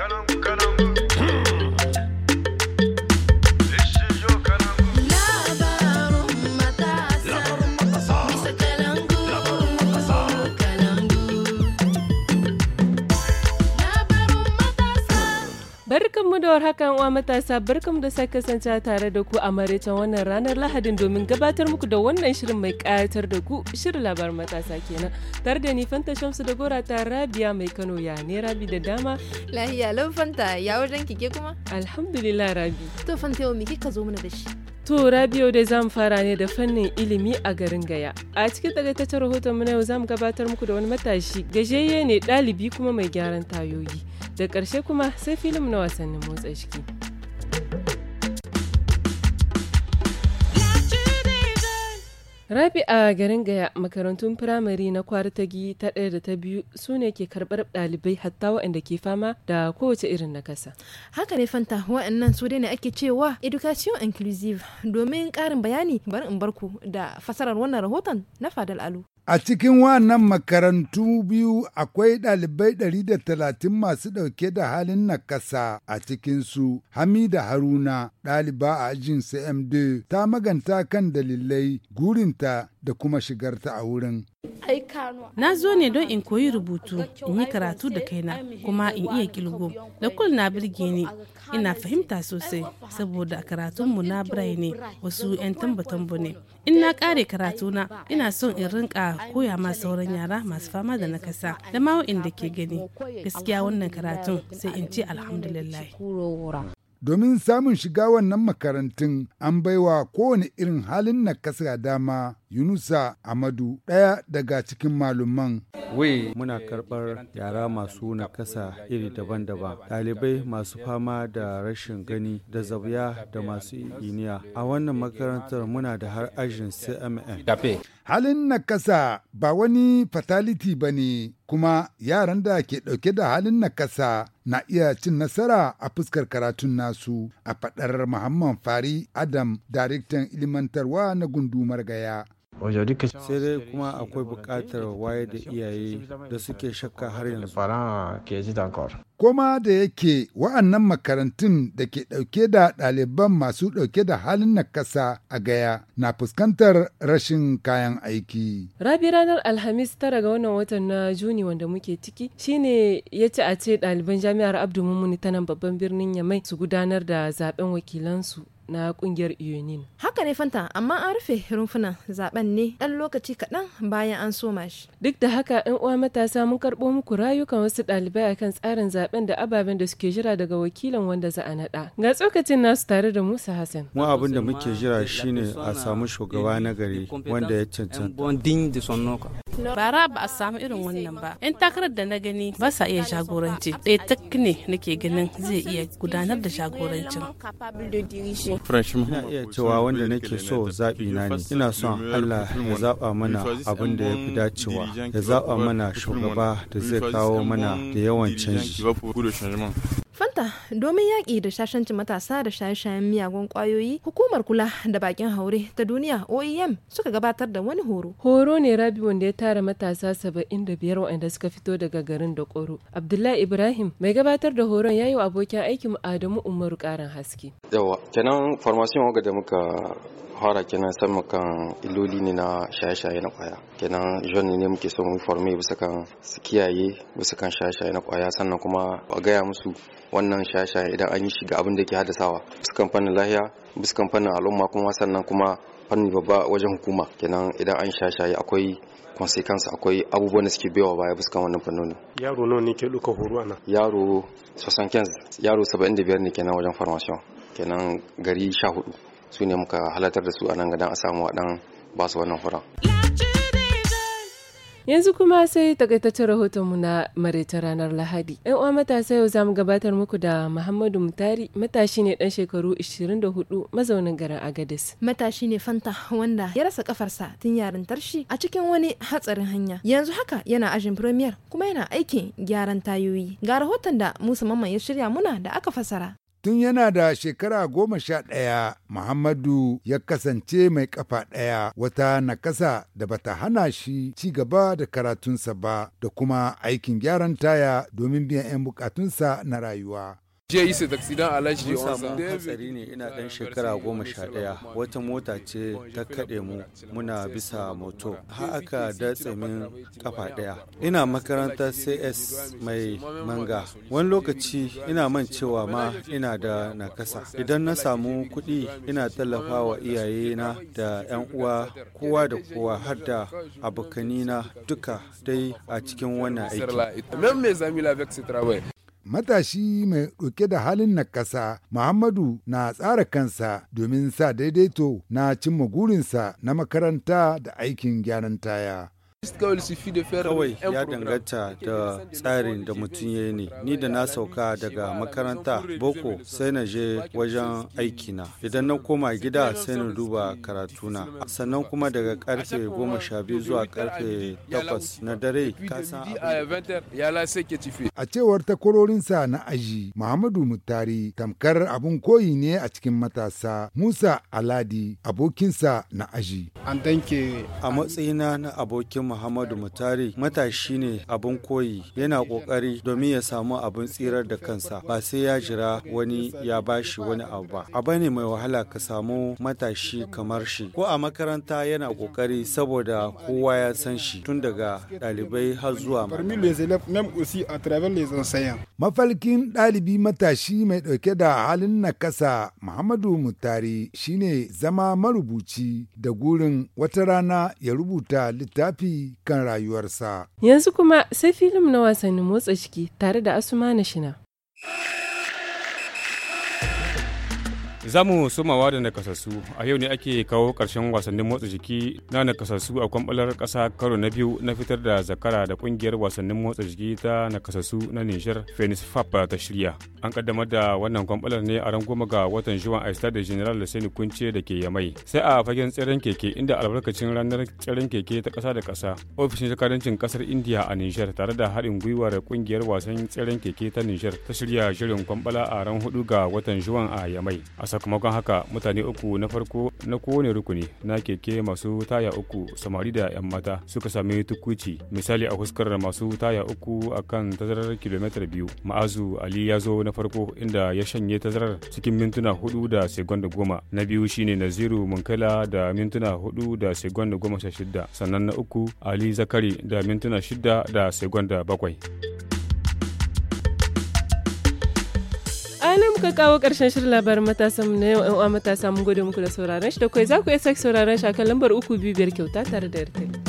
on. da warhaka uwa matasa barkamu da sake kasance tare da ku a maraicen wannan ranar Lahadin domin gabatar muku da wannan shirin mai kayatar da ku shirin labar matasa kenan. Tare da ni Fanta Shamsu da Gora ta Rabia mai Kano ya ne Rabi da dama. Lahiya lau Fanta ya wajen kike kuma? Alhamdulillah Rabi. To Fanta yau me kika zo mana da shi? To Rabiu dai zamu fara ne da fannin ilimi a garin Gaya. A cikin takaitaccen rahoton mu na yau zamu gabatar muku da wani matashi gajeye ne ɗalibi kuma mai gyaran tayoyi. da ƙarshe kuma sai filim na wasannin motsa jiki Rabi a garin Gaya makarantun firamare na kwari ta ɗaya da ta biyu su ne ke karɓar ɗalibai hatta waɗanda ke fama da kowace irin na kasa. Haka ne fanta waɗannan su dai ne ake cewa education inclusive domin ƙarin bayani bar in barku da fasarar wannan rahoton na Fadal Alu. A cikin wannan makarantu biyu akwai ɗalibai ɗari da talatin masu ɗauke da halin nakasa a cikinsu, Hamida Haruna, ɗaliba a ajin CMD, ta maganta kan dalilai gurinta da kuma shigarta a wurin. Na zo ne don in koyi rubutu, in yi karatu da kaina, kuma in iya kilgo. Da kul na birge ni, ina fahimta sosai, saboda karatunmu na birai ne wasu 'yan tambatambu ne. In na kare karatuna, ina son in rinka koya ma sauran yara masu fama da nakasa, da ma da ke gani. Gaskiya wannan karatun sai in ce alhamdulillah. Domin samun shiga wannan makarantun an baiwa kowane irin halin na kasa dama Yunusa Amadu ɗaya daga cikin malumman. We muna karɓar yara masu nakasa iri daban-daban, ɗalibai masu fama da rashin gani da zabiya da masu iniya. A wannan makarantar muna da har ajin CMN. Halin nakasa ba wani fatality ba ne, kuma yaran da ke ɗauke da halin nakasa na iya cin nasara a fuskar karatun nasu a faɗar Muhammad Fari Adam, daraktan ilimantarwa na gundumar gaya. sai dai kuma akwai buƙatar waye da iyaye da suke shakka har yanzu koma da yake wa'annan makarantun da ke ɗauke da ɗaliban masu ɗauke da halin na nakasa a gaya na fuskantar rashin kayan aiki. Rabi ranar Alhamis tara ga wannan watan na Juni wanda muke ciki shine ya ci a ce ɗaliban jami'ar Abdu Mumuni ta nan babban birnin Yamai su gudanar da zaben wakilansu na kungiyar UNIN. Haka ne Fanta, amma an rufe rumfuna zaben ne ɗan lokaci kaɗan bayan an soma shi. Duk da haka ‘yan uwa matasa mun karɓo muku rayukan wasu ɗalibai kan tsarin zaben da ababen da suke jira daga wakilan wanda za a naɗa. Ga tsokacin nasu tare da Musa Hassan. Mu abin da muke jira shine a samu shugaba na gari wanda ya cancanta. Bara ba a samu irin wannan ba. ‘Yan takarar da na gani ba sa iya jagoranci. Ɗaya tak ne nake ganin zai iya gudanar da jagorancin. Ina iya cewa wanda nake so zaɓi na ne. Ina son Allah ya zaɓa mana abin da ya fi dacewa, ya zaɓa mana shugaba da zai kawo mana da yawan canji. Fanta domin yaƙi da shashancin matasa da shaye-shayen miyagun ƙwayoyi, hukumar kula da bakin haure ta duniya OEM suka gabatar da wani horo. Horo ne rabi wanda ya tara matasa saba'in da biyar waɗanda suka fito daga garin da ƙoro. Abdullahi Ibrahim mai gabatar da horon ya yi wa abokin aikin Adamu Umaru ƙarin haske. Yawa, kenan farmasiyon wanga da muka fara kenan sama kan iloli ne na shaye-shaye na kwaya kenan jeune ne muke son mu forme bisa kan su kiyaye bisa kan shaye-shaye na kwaya sannan kuma a gaya musu wannan shaye-shaye idan an yi shiga abin da ke haddasawa bisa kan fannin lahiya bisa kan fannin al'umma kuma sannan kuma fanni babba wajen hukuma kenan idan an shaye-shaye akwai consequence akwai abubuwan da suke baiwa baya kan wannan fannin yaro nawa ne ke duka horo ana yaro 75 yaro 75 ne kenan wajen formation kenan gari 14 su ne muka halatar da su a nan gadan a samu waɗan ba su wannan horon. Yanzu kuma sai takaitaccen rahotonmu na maraita ranar Lahadi. ‘Yan uwa matasa yau za mu gabatar muku da Muhammadu Mutari, matashi ne dan shekaru 24 mazaunin garin Agadis. Matashi ne Fanta wanda ya rasa kafarsa tun yarin tarshi a cikin wani hatsarin hanya. Yanzu haka yana ajin Premier kuma yana aikin gyaran tayoyi. Ga rahoton da Musa Mamman ya shirya muna da aka fasara. Tun yana da shekara goma sha ɗaya, Muhammadu ya kasance mai kafa ɗaya wata nakasa da bata hana shi ci gaba da karatunsa ba da kuma aikin gyaran taya domin biyan 'yan bukatunsa na rayuwa. Je yi alashi Mun samu hatsari ne ina ɗan shekara goma sha ɗaya wata mota ce ta kaɗe mu muna bisa moto har aka datse min kafa ɗaya. Ina makarantar CS mai manga wani lokaci ina man cewa ma ina da nakasa idan na samu kuɗi ina tallafa wa iyayena da 'yan uwa kowa da kowa har da abokanina duka dai a cikin wannan aiki. matashi mai ɗauke da halin na ƙasa muhammadu na tsara kansa domin sa daidaito na cimma gurinsa na makaranta da aikin gyaran taya kawai da fiyar kawai ya danganta da tsarin da mutum ya ne ni da na sauka daga makaranta boko sai na je wajen aikina idan na koma gida sai na duba karatuna sannan kuma daga karfe goma sha biyu zuwa karfe takwas na dare kasan a cewar takwarorinsa na aji muhammadu mutari tamkar abun koyi ne a cikin matasa musa aladi abokinsa na aji an danke a matsayina na abokin Muhammadu Mutari matashi ne abin koyi yana ƙoƙari domin ya samu abin tsirar da kansa ba sai ya jira wani ya bashi wani abu ba. aba ne mai wahala ka samu matashi kamar shi. Ko a makaranta yana ƙoƙari saboda kowa ya san shi tun daga ɗalibai har zuwa Mafalkin ɗalibi matashi mai ɗauke da halin nakasa Muhammadu Mutari shine zama marubuci da gurin wata rana ya rubuta littafi kan rayuwarsa. Yanzu kuma sai filim na wasannin motsa ciki tare da Asuma na Shina. za mu sumawa da nakasassu a yau ne ake kawo ƙarshen wasannin motsa jiki na nakasassu a kwamɓalar ƙasa karo na biyu na fitar da zakara da ƙungiyar wasannin motsa jiki ta nakasassu na nijar phoenix ta shirya an kaddamar da wannan kwamɓalar ne a ran ga watan juwan a da general sani kunce da ke yamai sai a fagen tseren keke inda albarkacin ranar tseren keke ta kasa da ƙasa ofishin shakarancin ƙasar india a nijar tare da haɗin gwiwar kungiyar wasan tseren keke ta nijar ta shirya shirin kwamɓala a ran hudu ga watan juwan a yamai sakamakon haka mutane uku na farko na kowane rukuni na keke masu taya uku samari da 'yan mata suka sami tukuci misali a huskar masu taya uku a kan tazarar kilomita biyu ma'azu ali ya zo na farko inda ya shanye tazarar cikin mintuna hudu da segon da goma na biyu shine naziru munkala da mintuna hudu da segon da goma sha shida sannan na uku ali zakari da mintuna shida da segon da bakwai. alam ka kawo karshen shirin labarin matasan na yau 'yan uwa matasa mun gode muku da sauraron shi da kai za ku iya sake sauraron shi a kan lambar uku biyu biyar kyauta tare da yarkai.